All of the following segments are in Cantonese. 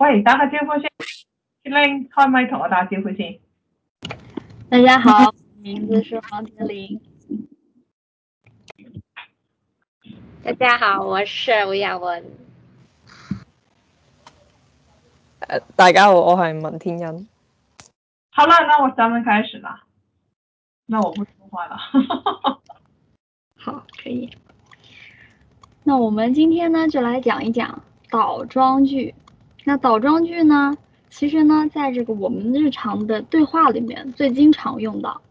喂，打個招呼先，大家好，名字是黃杰玲。大家好，我是吳雅文。呃，大家好，我係文天仁。好啦，那我三分開始啦。那我唔說話啦。 好，可以。那我們今天呢就來講一講倒裝句。那倒裝句呢？其實呢，在這個我們日常的對話裏面最經常用到。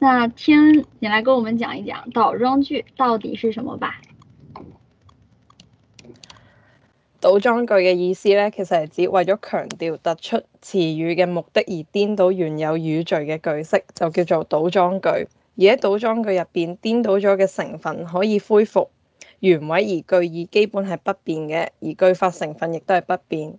那天你來跟我們講一講倒裝句到底是什麼吧。倒裝句嘅意思咧，其實係指為咗強調、突出詞語嘅目的而顛倒原有語序嘅句式，就叫做倒裝句。而喺倒裝句入邊，顛倒咗嘅成分可以恢復原位而，而句意基本係不變嘅，而句法成分亦都係不變。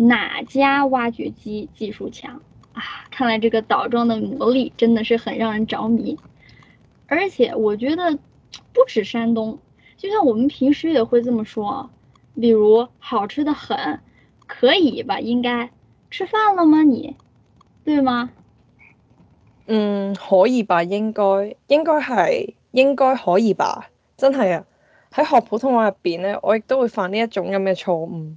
哪家挖掘機技術強啊？看來這個倒裝的魔力真的是很讓人着迷。而且我覺得，不止山東，就像我們平時也會這麼說，比如好吃得很，可以吧？應該吃飯了嗎？你，對嗎？嗯，可以吧？應該應該係應該可以吧？真係啊！喺學普通話入邊呢，我亦都會犯呢一種咁嘅錯誤。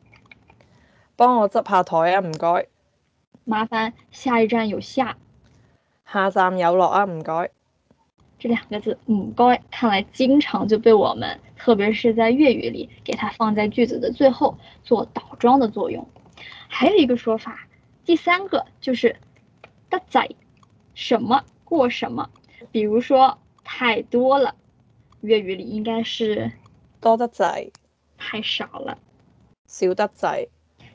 幫我執下台啊，唔該。麻煩下一站有下，下站有落啊，唔該。這兩個字唔該，看來經常就被我們，特別是在粵語裏，給它放在句子的最後做倒裝的作用。還有一個說法，第三個就是得滯，什麼過什麼，比如說太多了，粵語裏應該是多得滯，太少了，少得滯。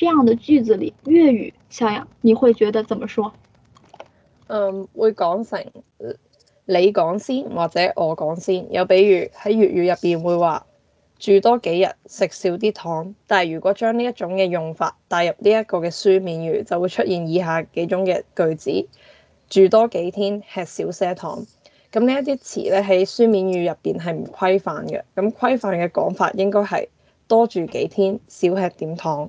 這樣的句子裏粵語，小楊你會覺得怎麼說？嗯，會講成你講先或者我講先。又比如喺粵語入邊會話住多幾日食少啲糖，但係如果將呢一種嘅用法帶入呢一個嘅書面語，就會出現以下幾種嘅句子：住多幾天，吃少些糖。咁呢一啲詞咧喺書面語入邊係唔規範嘅。咁規範嘅講法應該係多住幾天，少吃點糖。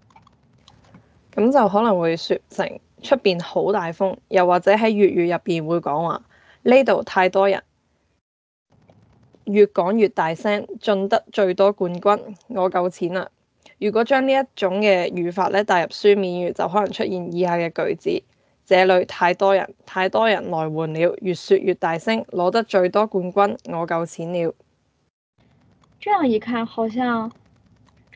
咁就可能會說成出面好大風，又或者喺粵語入面會講話呢度太多人，越講越大聲，進得最多冠軍，我夠錢啦。如果將呢一種嘅語法呢帶入書面語，就可能出現以下嘅句子：這裡太多人，太多人來換了，越說越大聲，攞得最多冠軍，我夠錢了。這樣一看，好像。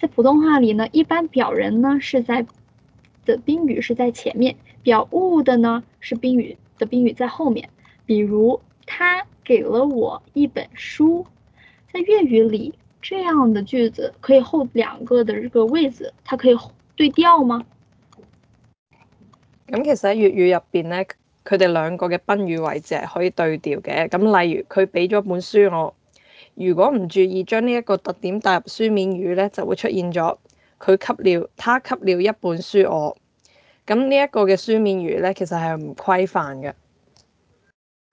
在普通話裏呢，一般表人呢是在的賓語是在前面，表物的呢是賓語的賓語在後面。比如他給了我一本書，在粵語裏這樣的句子可以後兩個的這個位置，它可以對調嗎？咁其實喺粵語入邊呢，佢哋兩個嘅賓語位置係可以對調嘅。咁例如佢俾咗本書我。如果唔注意將呢一個特點帶入書面語咧，就會出現咗佢給了，他給了一本書我。咁呢一個嘅書面語咧，其實係唔規範嘅。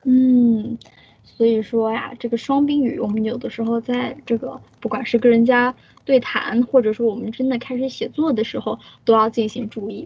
嗯，所以說呀，這個雙賓語，我們有的時候在這個不管是跟人家對談，或者說我們真的開始寫作的時候，都要進行注意。